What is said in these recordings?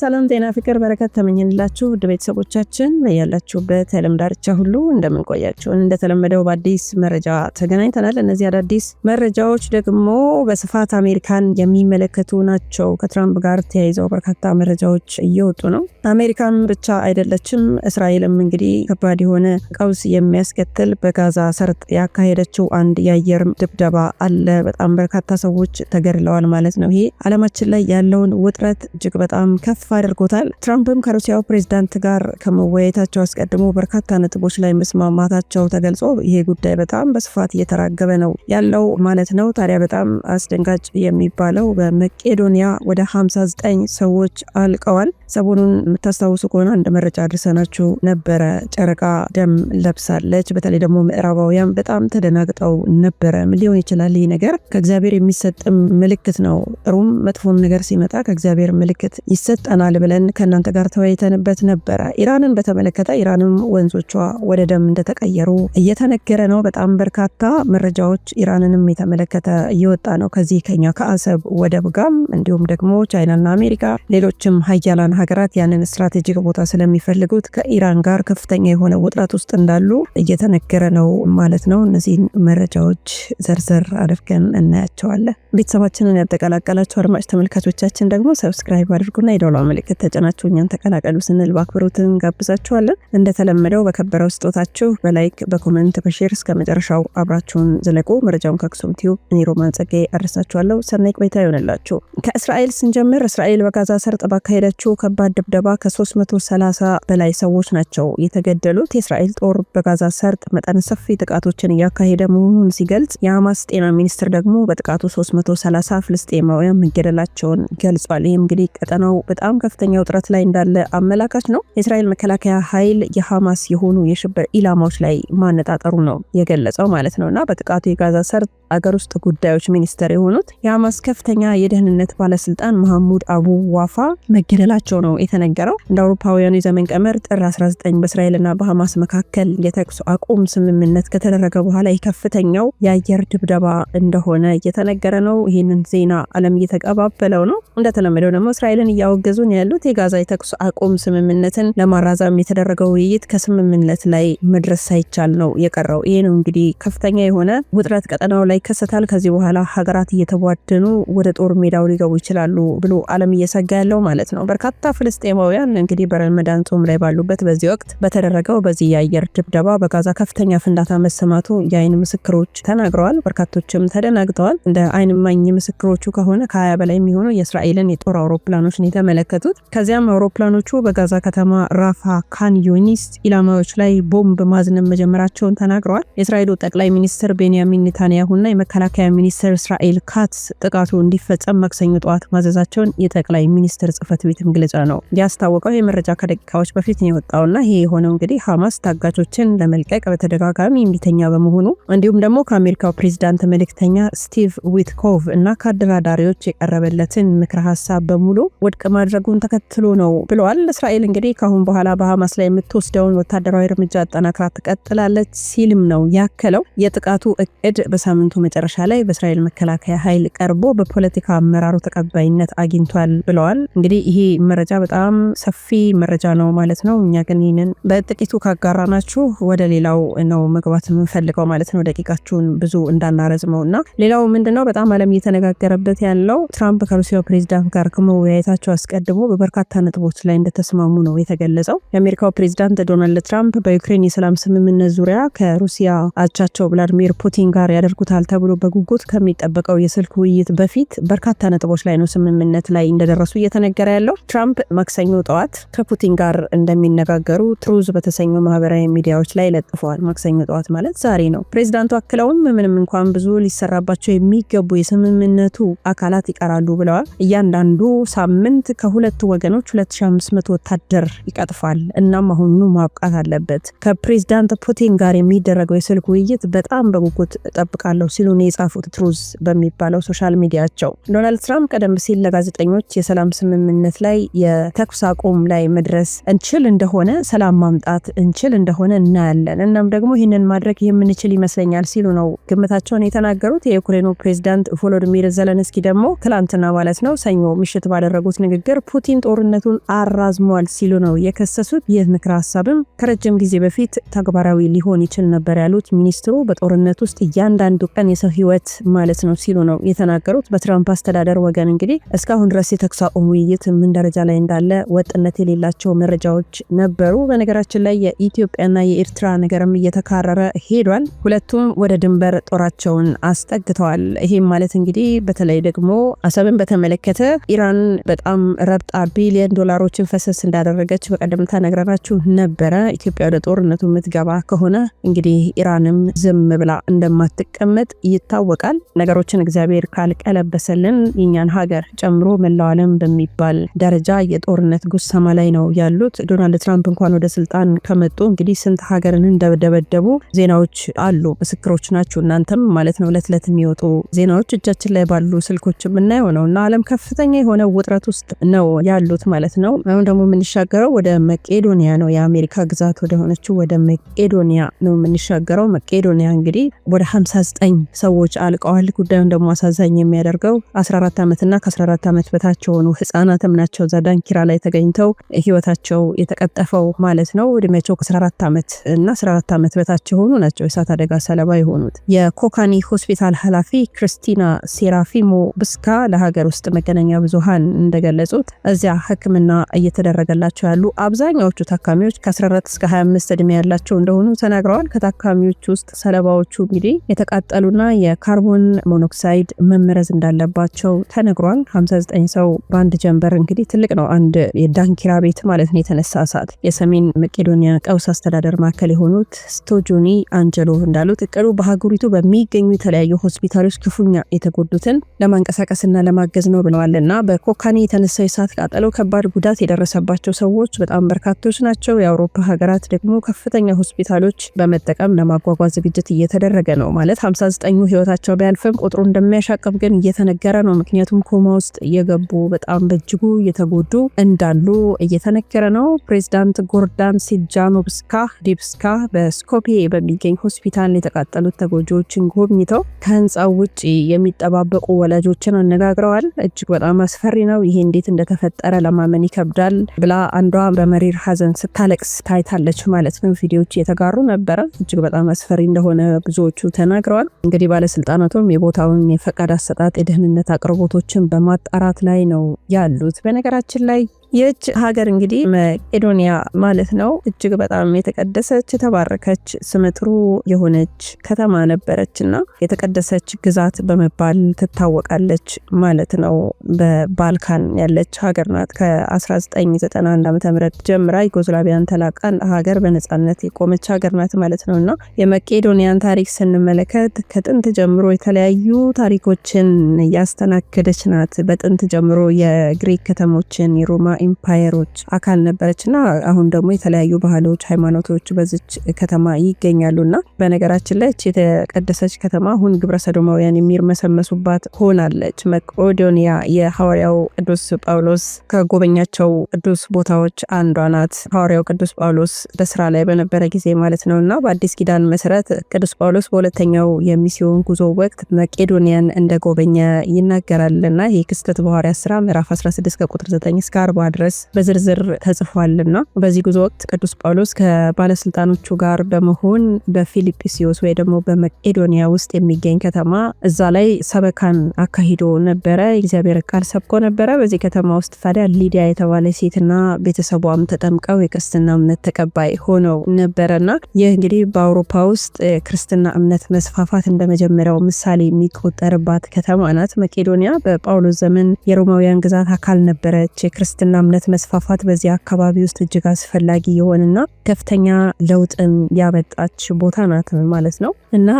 ሰላም ጤና ፍቅር በረከት ተመኝንላችሁ ውድ ቤተሰቦቻችን በያላችሁበት ለም ዳርቻ ሁሉ እንደምንቆያቸውን እንደተለመደው በአዲስ መረጃ ተገናኝተናል። እነዚህ አዳዲስ መረጃዎች ደግሞ በስፋት አሜሪካን የሚመለከቱ ናቸው። ከትራምፕ ጋር ተያይዘው በርካታ መረጃዎች እየወጡ ነው። አሜሪካን ብቻ አይደለችም። እስራኤልም እንግዲህ ከባድ የሆነ ቀውስ የሚያስከትል በጋዛ ሰርጥ ያካሄደችው አንድ የአየር ድብደባ አለ። በጣም በርካታ ሰዎች ተገድለዋል ማለት ነው። ይሄ አለማችን ላይ ያለውን ውጥረት እጅግ በጣም ከፍ ተስፋ አድርጎታል። ትራምፕም ከሩሲያው ፕሬዚዳንት ጋር ከመወያየታቸው አስቀድሞ በርካታ ነጥቦች ላይ መስማማታቸው ተገልጾ ይሄ ጉዳይ በጣም በስፋት እየተራገበ ነው ያለው ማለት ነው። ታዲያ በጣም አስደንጋጭ የሚባለው በመቄዶንያ ወደ 59 ሰዎች አልቀዋል። ሰሞኑን የምታስታውሱ ከሆነ አንድ መረጃ አድርሰናችሁ ነበረ። ጨረቃ ደም ለብሳለች። በተለይ ደግሞ ምዕራባውያን በጣም ተደናግጠው ነበረ። ምን ሊሆን ይችላል? ይህ ነገር ከእግዚአብሔር የሚሰጥም ምልክት ነው። ጥሩም መጥፎም ነገር ሲመጣ ከእግዚአብሔር ምልክት ይሰጠናል ይጠቅመናል ብለን ከእናንተ ጋር ተወያይተንበት ነበረ። ኢራንን በተመለከተ ኢራንም ወንዞቿ ወደ ደም እንደተቀየሩ እየተነገረ ነው። በጣም በርካታ መረጃዎች ኢራንንም የተመለከተ እየወጣ ነው። ከዚህ ከኛ ከአሰብ ወደብ ጋም እንዲሁም ደግሞ ቻይናና አሜሪካ ሌሎችም ሀያላን ሀገራት ያንን ስትራቴጂክ ቦታ ስለሚፈልጉት ከኢራን ጋር ከፍተኛ የሆነ ውጥረት ውስጥ እንዳሉ እየተነገረ ነው ማለት ነው። እነዚህን መረጃዎች ዘርዘር አድርገን እናያቸዋለን። ቤተሰባችንን ያጠቀላቀላቸው አድማጭ ተመልካቾቻችን ደግሞ ሰብስክራይብ አድርጉና ይደሏ ምልክት ተጭናችሁ እኛን ተቀላቀሉ ስንል በአክብሮት እንጋብዛችኋለን። እንደተለመደው በከበረው ስጦታችሁ በላይክ በኮመንት በሼር እስከ መጨረሻው አብራችሁን ዝለቁ። መረጃውን ከአክሱም ቲዩብ እኔ ሮማን ጸጋዬ አድርሳችኋለሁ። ሰናይ ቆይታ ይሆንላችሁ። ከእስራኤል ስንጀምር እስራኤል በጋዛ ሰርጥ ባካሄደችው ከባድ ድብደባ ከ330 በላይ ሰዎች ናቸው የተገደሉት። የእስራኤል ጦር በጋዛ ሰርጥ መጠን ሰፊ ጥቃቶችን እያካሄደ መሆኑን ሲገልጽ የሐማስ ጤና ሚኒስትር ደግሞ በጥቃቱ 330 ፍልስጤማውያን መገደላቸውን ገልጿል። ይህም እንግዲህ ቀጠናው በጣም በጣም ከፍተኛ ውጥረት ላይ እንዳለ አመላካች ነው። የእስራኤል መከላከያ ኃይል የሐማስ የሆኑ የሽብር ኢላማዎች ላይ ማነጣጠሩ ነው የገለጸው ማለት ነው እና በጥቃቱ የጋዛ ሰርጥ አገር ውስጥ ጉዳዮች ሚኒስትር የሆኑት የሐማስ ከፍተኛ የደህንነት ባለስልጣን መሐሙድ አቡ ዋፋ መገደላቸው ነው የተነገረው። እንደ አውሮፓውያኑ የዘመን ቀመር ጥር 19 በእስራኤልና በሐማስ መካከል የተኩስ አቁም ስምምነት ከተደረገ በኋላ የከፍተኛው የአየር ድብደባ እንደሆነ እየተነገረ ነው። ይህንን ዜና ዓለም እየተቀባበለው ነው። እንደተለመደው ደግሞ እስራኤልን እያወገዙን ያሉት የጋዛ የተኩስ አቁም ስምምነትን ለማራዛም የተደረገው ውይይት ከስምምነት ላይ መድረስ ሳይቻል ነው የቀረው። ይህ ነው እንግዲህ ከፍተኛ የሆነ ውጥረት ቀጠናው ላይ ይከሰታል። ከዚህ በኋላ ሀገራት እየተቧደኑ ወደ ጦር ሜዳው ሊገቡ ይችላሉ ብሎ አለም እየሰጋ ያለው ማለት ነው። በርካታ ፍልስጤማውያን እንግዲህ በረመዳን ጾም ላይ ባሉበት በዚህ ወቅት በተደረገው በዚህ የአየር ድብደባ በጋዛ ከፍተኛ ፍንዳታ መሰማቱ የአይን ምስክሮች ተናግረዋል። በርካቶችም ተደናግጠዋል። እንደ አይን ማኝ ምስክሮቹ ከሆነ ከሀያ በላይ የሚሆኑ የእስራኤልን የጦር አውሮፕላኖች ነው የተመለከቱት። ከዚያም አውሮፕላኖቹ በጋዛ ከተማ ራፋ፣ ካን ዩኒስ ኢላማዎች ላይ ቦምብ ማዝነብ መጀመራቸውን ተናግረዋል። የእስራኤሉ ጠቅላይ ሚኒስትር ቤንያሚን ኔታንያሁና የመከላከያ ሚኒስትር እስራኤል ካትስ ጥቃቱ እንዲፈጸም ማክሰኞ ጠዋት ማዘዛቸውን የጠቅላይ ሚኒስትር ጽህፈት ቤት መግለጫ ነው ያስታወቀው። የመረጃ ከደቂቃዎች በፊት ነው የወጣውና ይሄ የሆነው እንግዲህ ሐማስ ታጋቾችን ለመልቀቅ በተደጋጋሚ የሚተኛ በመሆኑ እንዲሁም ደግሞ ከአሜሪካው ፕሬዚዳንት መልእክተኛ ስቲቭ ዊትኮቭ እና ከአደራዳሪዎች የቀረበለትን ምክረ ሀሳብ በሙሉ ውድቅ ማድረጉን ተከትሎ ነው ብለዋል። እስራኤል እንግዲህ ከአሁን በኋላ በሐማስ ላይ የምትወስደውን ወታደራዊ እርምጃ አጠናክራ ትቀጥላለች ሲልም ነው ያከለው። የጥቃቱ እቅድ በሳምንቱ መጨረሻ ላይ በእስራኤል መከላከያ ኃይል ቀርቦ በፖለቲካ አመራሩ ተቀባይነት አግኝቷል ብለዋል። እንግዲህ ይሄ መረጃ በጣም ሰፊ መረጃ ነው ማለት ነው። እኛ ግን ይህንን በጥቂቱ ካጋራ ናችሁ ወደ ሌላው ነው መግባት የምንፈልገው ማለት ነው። ደቂቃችሁን ብዙ እንዳናረዝመው እና ሌላው ምንድነው በጣም ዓለም እየተነጋገረበት ያለው ትራምፕ ከሩሲያው ፕሬዚዳንት ጋር ከመወያየታቸው አስቀድሞ በበርካታ ነጥቦች ላይ እንደተስማሙ ነው የተገለጸው። የአሜሪካው ፕሬዚዳንት ዶናልድ ትራምፕ በዩክሬን የሰላም ስምምነት ዙሪያ ከሩሲያ አቻቸው ብላድሚር ፑቲን ጋር ያደርጉታል ተብሎ በጉጉት ከሚጠበቀው የስልክ ውይይት በፊት በርካታ ነጥቦች ላይ ነው ስምምነት ላይ እንደደረሱ እየተነገረ ያለው። ትራምፕ ማክሰኞ ጠዋት ከፑቲን ጋር እንደሚነጋገሩ ትሩዝ በተሰኙ ማህበራዊ ሚዲያዎች ላይ ለጥፈዋል። ማክሰኞ ጠዋት ማለት ዛሬ ነው። ፕሬዚዳንቱ አክለውም ምንም እንኳን ብዙ ሊሰራባቸው የሚገቡ የስምምነቱ አካላት ይቀራሉ ብለዋል። እያንዳንዱ ሳምንት ከሁለቱ ወገኖች 2500 ወታደር ይቀጥፋል። እናም አሁኑ ማብቃት አለበት። ከፕሬዚዳንት ፑቲን ጋር የሚደረገው የስልክ ውይይት በጣም በጉጉት ጠብቃለሁ ሲሉ ነው የጻፉት ትሩዝ በሚባለው ሶሻል ሚዲያቸው። ዶናልድ ትራምፕ ቀደም ሲል ለጋዜጠኞች የሰላም ስምምነት ላይ የተኩስ አቁም ላይ መድረስ እንችል እንደሆነ ሰላም ማምጣት እንችል እንደሆነ እናያለን፣ እናም ደግሞ ይህንን ማድረግ የምንችል ይመስለኛል ሲሉ ነው ግምታቸውን የተናገሩት። የዩክሬኑ ፕሬዚዳንት ቮሎዲሚር ዘለንስኪ ደግሞ ትላንትና ማለት ነው ሰኞ ምሽት ባደረጉት ንግግር ፑቲን ጦርነቱን አራዝሟል ሲሉ ነው የከሰሱት። ይህ ምክረ ሀሳብም ከረጅም ጊዜ በፊት ተግባራዊ ሊሆን ይችል ነበር ያሉት ሚኒስትሩ በጦርነት ውስጥ እያንዳንዱ ቀን የአሜሪካን የሰው ህይወት ማለት ነው ሲሉ ነው የተናገሩት። በትራምፕ አስተዳደር ወገን እንግዲህ እስካሁን ድረስ የተኩስ አቁም ውይይት ምን ደረጃ ላይ እንዳለ ወጥነት የሌላቸው መረጃዎች ነበሩ። በነገራችን ላይ የኢትዮጵያና የኤርትራ ነገርም እየተካረረ ሄዷል። ሁለቱም ወደ ድንበር ጦራቸውን አስጠግተዋል። ይሄም ማለት እንግዲህ በተለይ ደግሞ አሰብን በተመለከተ ኢራን በጣም ረብጣ ቢሊዮን ዶላሮችን ፈሰስ እንዳደረገች በቀደም ተነግረናችሁ ነበረ። ኢትዮጵያ ወደ ጦርነቱ የምትገባ ከሆነ እንግዲህ ኢራንም ዝም ብላ እንደማትቀመጥ እንደሚለወጥ ይታወቃል። ነገሮችን እግዚአብሔር ካልቀለበሰልን የኛን ሀገር ጨምሮ መላው ዓለም በሚባል ደረጃ የጦርነት ጉሰማ ላይ ነው ያሉት። ዶናልድ ትራምፕ እንኳን ወደ ስልጣን ከመጡ እንግዲህ ስንት ሀገርን እንደደበደቡ ዜናዎች አሉ፣ ምስክሮች ናቸው። እናንተም ማለት ነው ዕለት ዕለት የሚወጡ ዜናዎች እጃችን ላይ ባሉ ስልኮች የምናየው ነው እና ዓለም ከፍተኛ የሆነ ውጥረት ውስጥ ነው ያሉት ማለት ነው። አሁን ደግሞ የምንሻገረው ወደ መቄዶኒያ ነው። የአሜሪካ ግዛት ወደሆነችው ወደ መቄዶኒያ ነው የምንሻገረው። መቄዶኒያ እንግዲህ ወደ 59 ሁሉም ሰዎች አልቀዋል። ጉዳዩን ደግሞ አሳዛኝ የሚያደርገው 14 ዓመትና ከ14 ዓመት በታች የሆኑ ህጻናትም ናቸው እዛ ዳንኪራ ላይ ተገኝተው ህይወታቸው የተቀጠፈው ማለት ነው። እድሜያቸው ከ14 ዓመት እና 14 ዓመት በታች የሆኑ ናቸው የእሳት አደጋ ሰለባ የሆኑት። የኮካኒ ሆስፒታል ኃላፊ ክርስቲና ሴራፊሞ ብስካ ለሀገር ውስጥ መገናኛ ብዙሃን እንደገለጹት እዚያ ህክምና እየተደረገላቸው ያሉ አብዛኛዎቹ ታካሚዎች ከ14 እስከ 25 እድሜ ያላቸው እንደሆኑ ተናግረዋል። ከታካሚዎች ውስጥ ሰለባዎቹ እንግዲህ የተቃጠሉ እንዳሉና የካርቦን ሞኖክሳይድ መመረዝ እንዳለባቸው ተነግሯል። 59 ሰው በአንድ ጀንበር እንግዲህ ትልቅ ነው። አንድ የዳንኪራ ቤት ማለት ነው የተነሳ እሳት። የሰሜን መቄዶኒያ ቀውስ አስተዳደር ማዕከል የሆኑት ስቶጆኒ አንጀሎ እንዳሉት እቅዱ በሀገሪቱ በሚገኙ የተለያዩ ሆስፒታሎች ክፉኛ የተጎዱትን ለማንቀሳቀስና ለማገዝ ነው ብለዋል። እና በኮካኔ የተነሳ የእሳት ቃጠሎ ከባድ ጉዳት የደረሰባቸው ሰዎች በጣም በርካቶች ናቸው። የአውሮፓ ሀገራት ደግሞ ከፍተኛ ሆስፒታሎች በመጠቀም ለማጓጓዝ ዝግጅት እየተደረገ ነው ማለት ዘጠኙ ህይወታቸው ቢያልፍም ቁጥሩ እንደሚያሻቅብ ግን እየተነገረ ነው። ምክንያቱም ኮማ ውስጥ እየገቡ በጣም በእጅጉ እየተጎዱ እንዳሉ እየተነገረ ነው። ፕሬዚዳንት ጎርዳን ሲጃኖብስካ ዲብስካ በስኮፒዬ በሚገኝ ሆስፒታል የተቃጠሉት ተጎጂዎችን ጎብኝተው ከህንፃው ውጭ የሚጠባበቁ ወላጆችን አነጋግረዋል። እጅግ በጣም አስፈሪ ነው፣ ይሄ እንዴት እንደተፈጠረ ለማመን ይከብዳል ብላ አንዷ በመሪር ሀዘን ስታለቅስ ታይታለች ማለት ነው። ቪዲዮዎች እየተጋሩ ነበረ። እጅግ በጣም አስፈሪ እንደሆነ ብዙዎቹ ተናግረዋል። እንግዲህ ባለስልጣናቱም የቦታውን የፈቃድ አሰጣጥ የደህንነት አቅርቦቶችን በማጣራት ላይ ነው ያሉት። በነገራችን ላይ ይህች ሀገር እንግዲህ መቄዶንያ ማለት ነው። እጅግ በጣም የተቀደሰች የተባረከች ስምጥሩ የሆነች ከተማ ነበረች እና የተቀደሰች ግዛት በመባል ትታወቃለች ማለት ነው። በባልካን ያለች ሀገር ናት። ከ1991 ዓ ም ጀምራ ዩጎዝላቪያን ተላቃ ሀገር በነጻነት የቆመች ሀገር ናት ማለት ነው እና የመቄዶንያን ታሪክ ስንመለከት ከጥንት ጀምሮ የተለያዩ ታሪኮችን እያስተናከደች ናት። በጥንት ጀምሮ የግሪክ ከተሞችን የሮማ ኢምፓየሮች አካል ነበረች እና አሁን ደግሞ የተለያዩ ባህሎች፣ ሃይማኖቶች በዚች ከተማ ይገኛሉ እና በነገራችን ላይ የተቀደሰች ከተማ አሁን ግብረ ሰዶማውያን የሚርመሰመሱባት ሆናለች። መቄዶንያ የሐዋርያው ቅዱስ ጳውሎስ ከጎበኛቸው ቅዱስ ቦታዎች አንዷ ናት። ሐዋርያው ቅዱስ ጳውሎስ በስራ ላይ በነበረ ጊዜ ማለት ነው እና በአዲስ ኪዳን መሰረት ቅዱስ ጳውሎስ በሁለተኛው የሚስዮን ጉዞ ወቅት መቄዶንያን እንደጎበኘ ይናገራልና ይህ ክስተት በሐዋርያት ስራ ምዕራፍ 16 ከቁጥር 9 እስከ 40 ለማድረስ በዝርዝር ተጽፏልና በዚህ ጉዞ ወቅት ቅዱስ ጳውሎስ ከባለስልጣኖቹ ጋር በመሆን በፊልጵስዮስ ወይ ደግሞ በመቄዶኒያ ውስጥ የሚገኝ ከተማ እዛ ላይ ሰበካን አካሂዶ ነበረ። የእግዚአብሔር ቃል ሰብኮ ነበረ። በዚህ ከተማ ውስጥ ታዲያ ሊዲያ የተባለ ሴትና ቤተሰቧም ተጠምቀው የክርስትና እምነት ተቀባይ ሆነው ነበረና ይህ እንግዲህ በአውሮፓ ውስጥ ክርስትና እምነት መስፋፋት እንደመጀመሪያው ምሳሌ የሚቆጠርባት ከተማ ናት። መቄዶኒያ በጳውሎስ ዘመን የሮማውያን ግዛት አካል ነበረች። የክርስትና የክርስትና እምነት መስፋፋት በዚህ አካባቢ ውስጥ እጅግ አስፈላጊ የሆነና ከፍተኛ ለውጥን ያመጣች ቦታ ናት ማለት ነው እና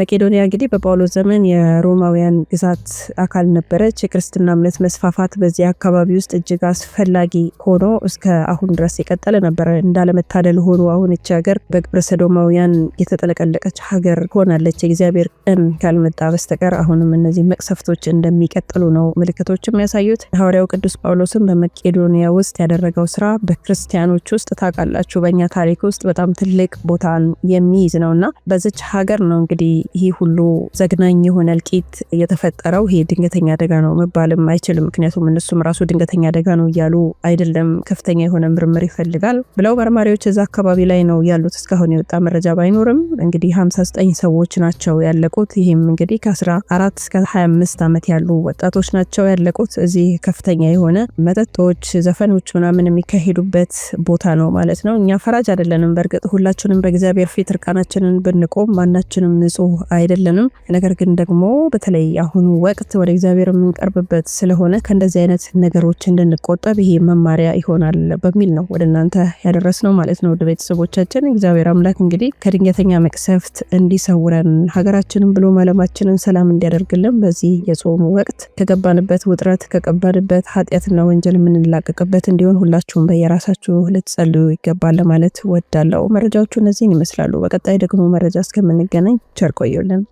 መቄዶንያ እንግዲህ በጳውሎስ ዘመን የሮማውያን ግዛት አካል ነበረች። የክርስትና እምነት መስፋፋት በዚህ አካባቢ ውስጥ እጅግ አስፈላጊ ሆኖ እስከ አሁን ድረስ የቀጠለ ነበረ። እንዳለመታደል ሆኖ አሁን እቺ ሀገር በግብረ ሰዶማውያን የተጠለቀለቀች ሀገር ሆናለች። የእግዚአብሔር ቀን ካልመጣ በስተቀር አሁንም እነዚህ መቅሰፍቶች እንደሚቀጥሉ ነው ምልክቶች የሚያሳዩት። ሐዋርያው ቅዱስ ጳውሎስም በመቄዶ መቄዶንያ ውስጥ ያደረገው ስራ በክርስቲያኖች ውስጥ ታውቃላችሁ፣ በእኛ ታሪክ ውስጥ በጣም ትልቅ ቦታን የሚይዝ ነው እና በዚች ሀገር ነው እንግዲህ ይህ ሁሉ ዘግናኝ የሆነ እልቂት የተፈጠረው። ይሄ ድንገተኛ አደጋ ነው መባልም አይችልም። ምክንያቱም እነሱም ራሱ ድንገተኛ አደጋ ነው እያሉ አይደለም፣ ከፍተኛ የሆነ ምርምር ይፈልጋል ብለው መርማሪዎች እዛ አካባቢ ላይ ነው ያሉት። እስካሁን የወጣ መረጃ ባይኖርም እንግዲህ 59 ሰዎች ናቸው ያለቁት። ይህም እንግዲህ ከ14 እስከ 25 ዓመት ያሉ ወጣቶች ናቸው ያለቁት። እዚህ ከፍተኛ የሆነ መጠጦች፣ ዘፈኖች ምናምን የሚካሄዱበት ቦታ ነው ማለት ነው። እኛ ፈራጅ አይደለንም። በእርግጥ ሁላችንም በእግዚአብሔር ፊት እርቃናችንን ብንቆም ማናችንም ንጹህ አይደለንም። ነገር ግን ደግሞ በተለይ አሁኑ ወቅት ወደ እግዚአብሔር የምንቀርብበት ስለሆነ ከእንደዚህ አይነት ነገሮች እንድንቆጠብ ይሄ መማሪያ ይሆናል በሚል ነው ወደ እናንተ ያደረስ ነው ማለት ነው። ቤተሰቦቻችን እግዚአብሔር አምላክ እንግዲህ ከድንገተኛ መቅሰፍት እንዲሰውረን ሀገራችንን ብሎ መለማችንን ሰላም እንዲያደርግልን በዚህ የጾሙ ወቅት ከገባንበት ውጥረት ከቀባንበት ኃጢአትና ወንጀል የምንላቀ የሚጠናቀቅበት እንዲሆን ሁላችሁም በየራሳችሁ ልትጸልዩ ይገባል ለማለት ወዳለው መረጃዎቹ እነዚህን ይመስላሉ። በቀጣይ ደግሞ መረጃ እስከምንገናኝ ቸር ቆዩልን።